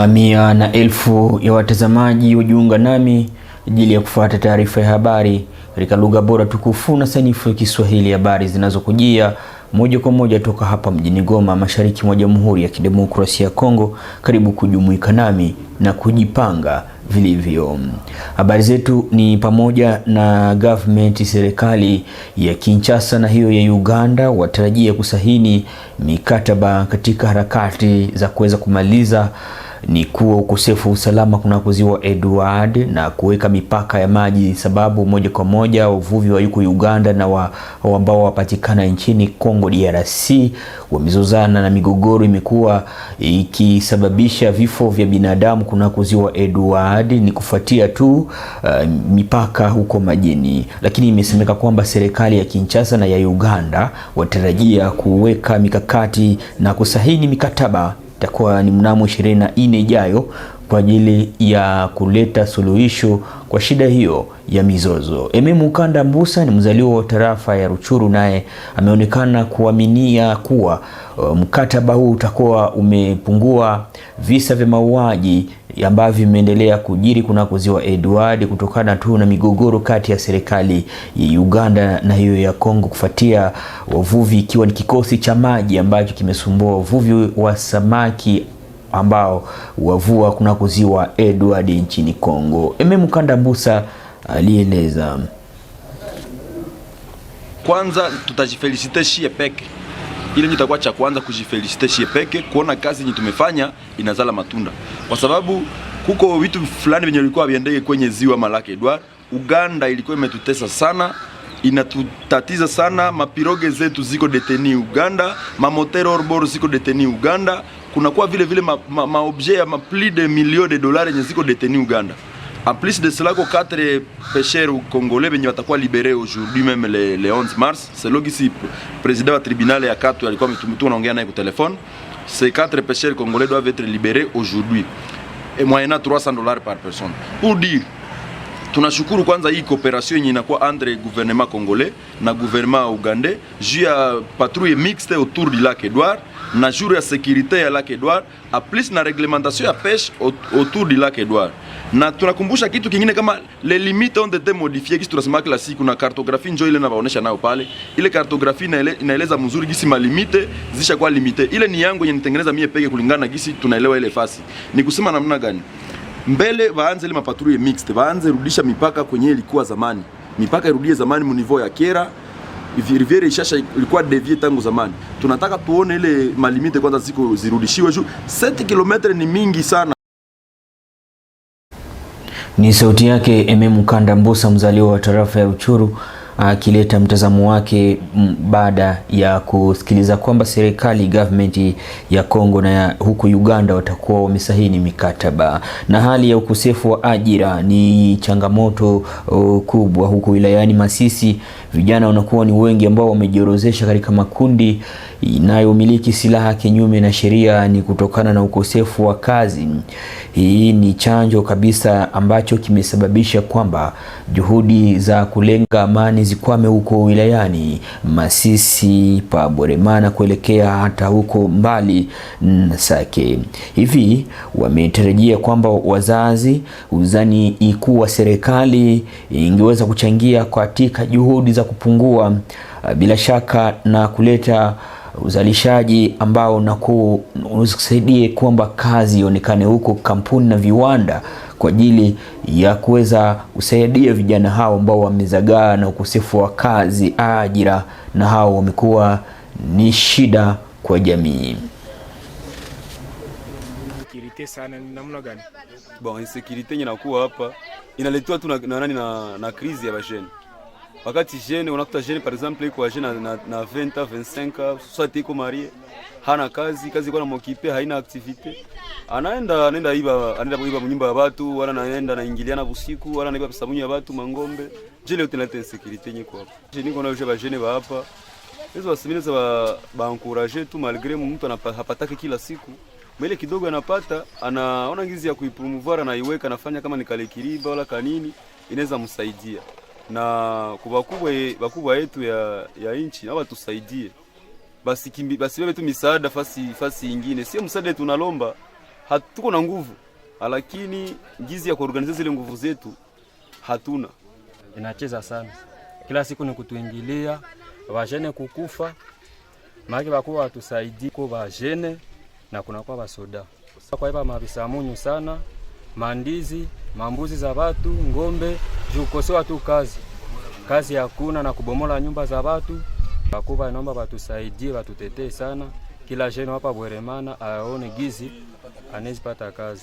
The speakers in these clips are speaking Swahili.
Mamia na elfu ya watazamaji wajiunga nami ajili ya kufuata taarifa ya habari katika lugha bora tukufu na sanifu ya Kiswahili, habari zinazokujia moja kwa moja toka hapa mjini Goma, mashariki mwa Jamhuri ya Kidemokrasia ya Kongo. Karibu kujumuika nami na kujipanga vilivyo. Habari zetu ni pamoja na government, serikali ya Kinshasa na hiyo ya Uganda watarajia kusahini mikataba katika harakati za kuweza kumaliza ni kuwa ukosefu wa usalama kunako ziwa Edward na kuweka mipaka ya maji, sababu moja kwa moja uvuvi wa yuko Uganda na wa, wa ambao wapatikana nchini Congo DRC wamezozana na migogoro imekuwa ikisababisha vifo vya binadamu kunako ziwa Edward, ni kufuatia tu uh, mipaka huko majini. Lakini imesemeka kwamba serikali ya Kinshasa na ya Uganda watarajia kuweka mikakati na kusahini mikataba itakuwa ni mnamo 24 ijayo kwa ajili ya kuleta suluhisho kwa shida hiyo ya mizozo. Eme Mukanda Mbusa ni mzaliwa wa tarafa ya Ruchuru, naye ameonekana kuaminia kuwa uh, mkataba huu utakuwa umepungua visa vya mauaji ambavyo vimeendelea kujiri kunako ziwa Edward kutokana tu na migogoro kati ya serikali ya Uganda na hiyo ya Kongo, kufuatia wavuvi, ikiwa ni kikosi cha maji ambacho kimesumbua wavuvi wa samaki ambao wavua kunako ziwa Edward nchini Kongo. Mkanda mbusa alieleza. Kwanza tutajifelicite shie peke ile ndio itakuwa cha kwanza kujifelicite shie peke, kuona kazi yenye tumefanya inazala matunda, kwa sababu kuko vitu fulani venye vilikuwa viendeke kwenye ziwa Malaki Edward. Uganda ilikuwa imetutesa sana inatutatiza sana. Mapiroge zetu ziko deteni Uganda, mamotero orbor ziko deteni Uganda, kunakuwa vile vile maobjet ma, ma ya plus de million de dolari yenye ziko deteni Uganda. En plus de cela ko 4 pêcheurs congolais benye watakuwa libere aujourd'hui même le, le 11 mars selogisi president wa tribunal ya katu alikuwa mtu naongea naye ku telefone. Ces 4 pêcheurs congolais doivent être libérés aujourd'hui et moyennant 300 dollars par personne pour dire tunashukuru kwanza hii cooperation yenye inakuwa entre gouvernement congolais na gouvernement ugandais juu ya patrouille mixte autour du lac Edouard na jour ya sécurité ya lac Edouard a plus na réglementation ya pêche autour du lac Edouard. Na tunakumbusha kitu kingine kama les limites ont été modifiées, kisi tunasema kila siku, na cartographie njo ile nabaonesha nayo pale. Ile cartographie inaeleza mzuri gisi malimite zishakuwa limite. Ile ni yangu yenye nitengeneza mie peke kulingana gisi tunaelewa ile fasi. Ni kusema namna gani? mbele waanze ile mapatrouille mixte, waanze rudisha mipaka kwenye ilikuwa zamani, mipaka irudie zamani munivou ya Kera Riviere Ishasha ilikuwa devie tangu zamani. Tunataka tuone ile malimite kwanza ziko zirudishiwe juu 7 km ni mingi sana. Ni sauti yake MM Kanda Mbusa, mzaliwa wa tarafa ya Uchuru akileta mtazamo wake baada ya kusikiliza kwamba serikali government ya Kongo na ya huku Uganda watakuwa wamesahini mikataba. Na hali ya ukosefu wa ajira ni changamoto uh, kubwa huku wilayani Masisi. Vijana wanakuwa ni wengi ambao wamejiorozesha katika makundi inayomiliki silaha kinyume na sheria, ni kutokana na ukosefu wa kazi. Hii ni chanjo kabisa ambacho kimesababisha kwamba juhudi za kulenga amani Zikwame huko wilayani Masisi pa Boremana kuelekea hata huko mbali Sake. Hivi wametarajia kwamba wazazi uzani ikuwa serikali ingeweza kuchangia katika juhudi za kupungua ah, bila shaka na kuleta uzalishaji ambao kusaidie kwamba kazi ionekane huko kampuni na viwanda kwa ajili ya kuweza kusaidia vijana hao ambao wamezagaa na ukosefu wa kazi, ajira, na hao wamekuwa ni shida kwa jamii. Sana ni namna gani? Bon, insekurite inakuwa hapa inaletwa tu na nani na, na, na, ya basheni wakati jeune unakuta jeune par exemple iko jeune na, na na 20 25 ans soit iko marié hana kazi kazi kwa mokipe haina activite, anaenda anaenda iba anaenda iba nyumba ya watu, wala anaenda na ingiliana busiku, wala anaiba pesa munyo ya watu mangombe. Jele utena ten sécurité nyiko hapo jene kuna yosha bajene ba hapa hizo basimiliza ba, ba encourager tu malgré mtu anapataka kila siku mwele kidogo anapata anaona ngizi ya kuipromouvoir, iweka anafanya kama ni kale wala kanini inaweza msaidia na kubakubwa bakubwa yetu ya, ya nchi haba tusaidie basi kimbi, basi wewe tu misaada fasi fasi ingine, sio msaada tunalomba, hatuko na nguvu, lakini ngizi ya kuorganize zile nguvu zetu hatuna. Inacheza sana kila siku ni kutuingilia wajene kukufa, maana bakuwa watusaidie kwa wajene na kuna kwa basoda kwa hivyo mabisamunyu sana mandizi mambuzi za watu ngombe juu tu kazi, kazi hakuna na kubomola nyumba za watu. Bakuba inaomba batusaidie, batutetee sana, kila jeno hapa Bweremana aone gizi anezipata kazi.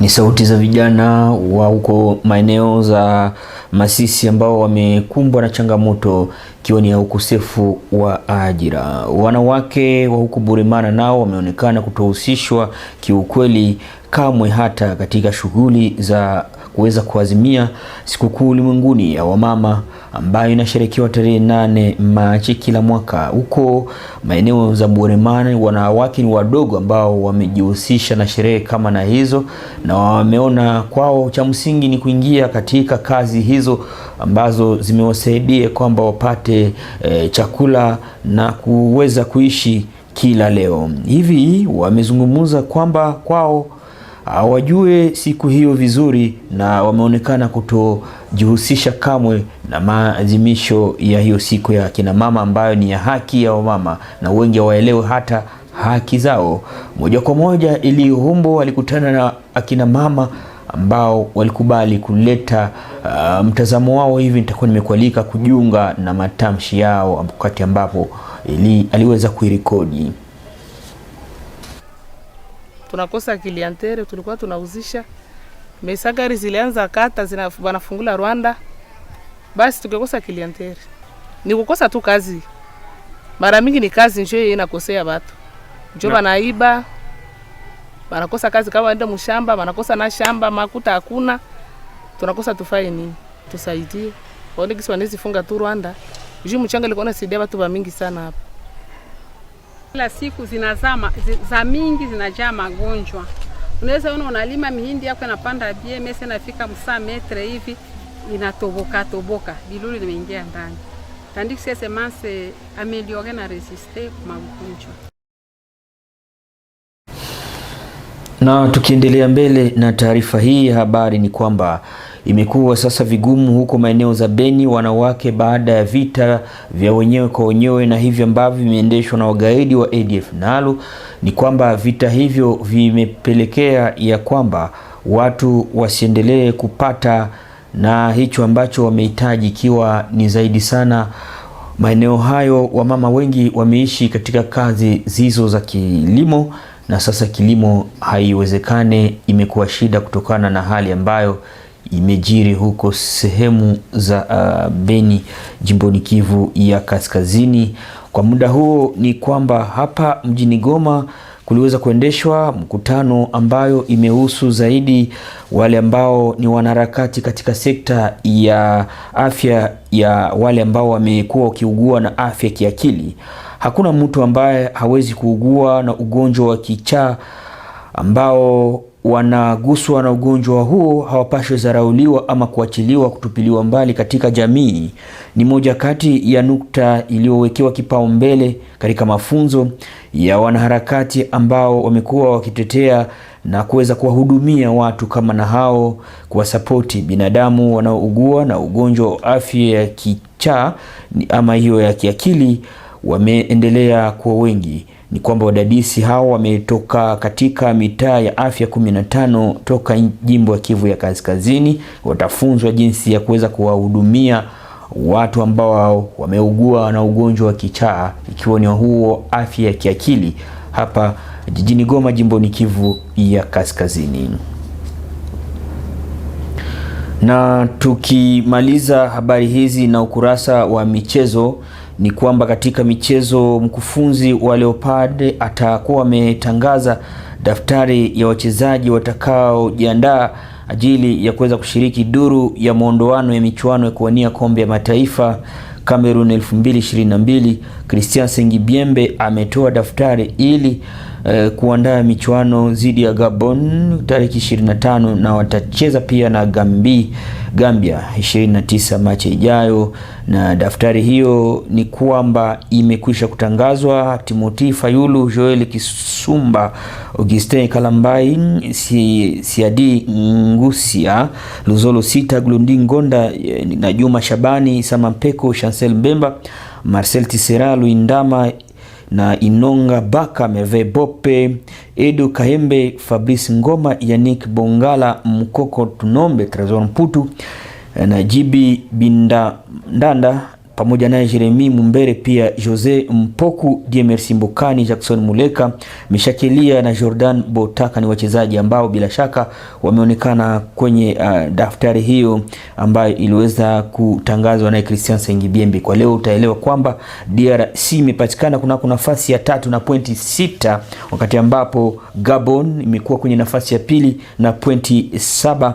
Ni sauti za vijana wa huko maeneo za Masisi ambao wamekumbwa na changamoto ikiwa ni ya ukosefu wa ajira. Wanawake wa huko Bweremana nao wameonekana kutohusishwa kiukweli kamwe hata katika shughuli za kuweza kuazimia sikukuu ulimwenguni ya wamama ambayo inasherekewa tarehe nane Machi kila mwaka. Huko maeneo za Mbuoremani, wanawake ni wadogo ambao wamejihusisha na sherehe kama na hizo, na wameona kwao cha msingi ni kuingia katika kazi hizo ambazo zimewasaidia kwamba wapate e, chakula na kuweza kuishi kila leo. Hivi wamezungumza kwamba kwao hawajue siku hiyo vizuri na wameonekana kutojihusisha kamwe na maadhimisho ya hiyo siku ya kina mama ambayo ni ya haki ya wamama, na wengi hawaelewe hata haki zao moja kwa moja. Ili Humbo walikutana na akina mama ambao walikubali kuleta uh, mtazamo wao. Hivi nitakuwa nimekualika kujiunga na matamshi yao wakati ambapo ili aliweza kuirekodi tunakosa klientere, tulikuwa tunauzisha mesagari zilianza kata zina wanafungula Rwanda, basi tukakosa klientere. Ni kukosa tu kazi, mara mingi ni kazi njo inakosea watu, njo wanaiba wanakosa kazi, kama waenda mshamba wanakosa na shamba, makuta hakuna, tunakosa tufai nini? Tusaidie waone kisi funga tu Rwanda juu mchanga ilikuwa sidia watu wa mingi sana hapa. Kila siku zinazama za mingi zinajaa magonjwa. Unaweza ona unalima mihindi yako inapanda bie mese inafika msaa metre hivi inatoboka toboka, bilulu limeingia ndani. tandiki que ces ameliore na resiste magonjwa. Na tukiendelea mbele na taarifa hii ya habari ni kwamba Imekuwa sasa vigumu huko maeneo za Beni wanawake baada ya vita vya wenyewe kwa wenyewe na hivyo ambavyo vimeendeshwa na wagaidi wa ADF nalo ni kwamba vita hivyo vimepelekea ya kwamba watu wasiendelee kupata na hicho ambacho wamehitaji, ikiwa ni zaidi sana maeneo hayo, wamama wengi wameishi katika kazi zizo za kilimo na sasa kilimo haiwezekane, imekuwa shida kutokana na hali ambayo imejiri huko sehemu za uh, Beni jimboni Kivu ya Kaskazini. Kwa muda huo ni kwamba hapa mjini Goma kuliweza kuendeshwa mkutano ambayo imehusu zaidi wale ambao ni wanaharakati katika sekta ya afya ya wale ambao wamekuwa wakiugua na afya kiakili. Hakuna mtu ambaye hawezi kuugua na ugonjwa wa kichaa ambao wanaguswa na ugonjwa huo hawapaswi zarauliwa ama kuachiliwa kutupiliwa mbali katika jamii. Ni moja kati ya nukta iliyowekewa kipaumbele katika mafunzo ya wanaharakati ambao wamekuwa wakitetea na kuweza kuwahudumia watu kama na hao, kuwasapoti binadamu wanaougua na ugonjwa wa afya ya kichaa ama hiyo ya kiakili, wameendelea kuwa wengi ni kwamba wadadisi hao wametoka katika mitaa ya afya 15 toka jimbo ya Kivu ya Kaskazini. Watafunzwa jinsi ya kuweza kuwahudumia watu ambao wameugua na ugonjwa wa kichaa ikiwa ni huo afya ya kiakili hapa jijini Goma jimboni Kivu ya Kaskazini. Na tukimaliza habari hizi na ukurasa wa michezo ni kwamba katika michezo mkufunzi wa Leopard atakuwa ametangaza daftari ya wachezaji watakaojiandaa ajili ya kuweza kushiriki duru ya maondoano ya michuano ya kuwania kombe ya mataifa Cameroon 2022. Christian Sengibiembe ametoa daftari ili Eh, kuandaa michuano dhidi ya Gabon tariki 25 na watacheza pia na Gambi, Gambia 29 Machi ijayo, na daftari hiyo ni kwamba imekwisha kutangazwa. Timothy Fayulu, Joel Kisumba, Augustin Kalambai, si, Siadi Ngusia, Luzolo Sita, Glundi Ngonda eh, na Juma Shabani, Samampeko, Chancel Mbemba, Marcel Tisera Luindama na Inonga Baka, meve Bope, Edu kaembe Fabrice Ngoma, Yannick Bongala, Mkoko Tunombe, Trezor Mputu eh, na Jibi Binda Ndanda pamoja naye Jeremi Mumbere, pia Jose Mpoku, Diemer Mbokani, Jackson Muleka, Mishakilia na Jordan Botaka ni wachezaji ambao bila shaka wameonekana kwenye uh, daftari hiyo ambayo iliweza kutangazwa naye Christian Sengibiembe. Kwa leo utaelewa kwamba DRC imepatikana kunako nafasi ya tatu na pointi sita wakati ambapo Gabon imekuwa kwenye nafasi ya pili na pointi saba.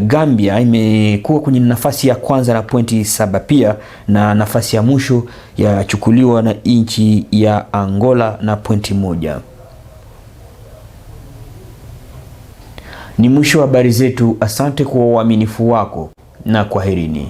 Gambia imekuwa kwenye nafasi ya kwanza na pointi saba pia na nafasi ya mwisho yachukuliwa na nchi ya Angola na pointi moja. Ni mwisho wa habari zetu. Asante kwa uaminifu wako na kwaherini.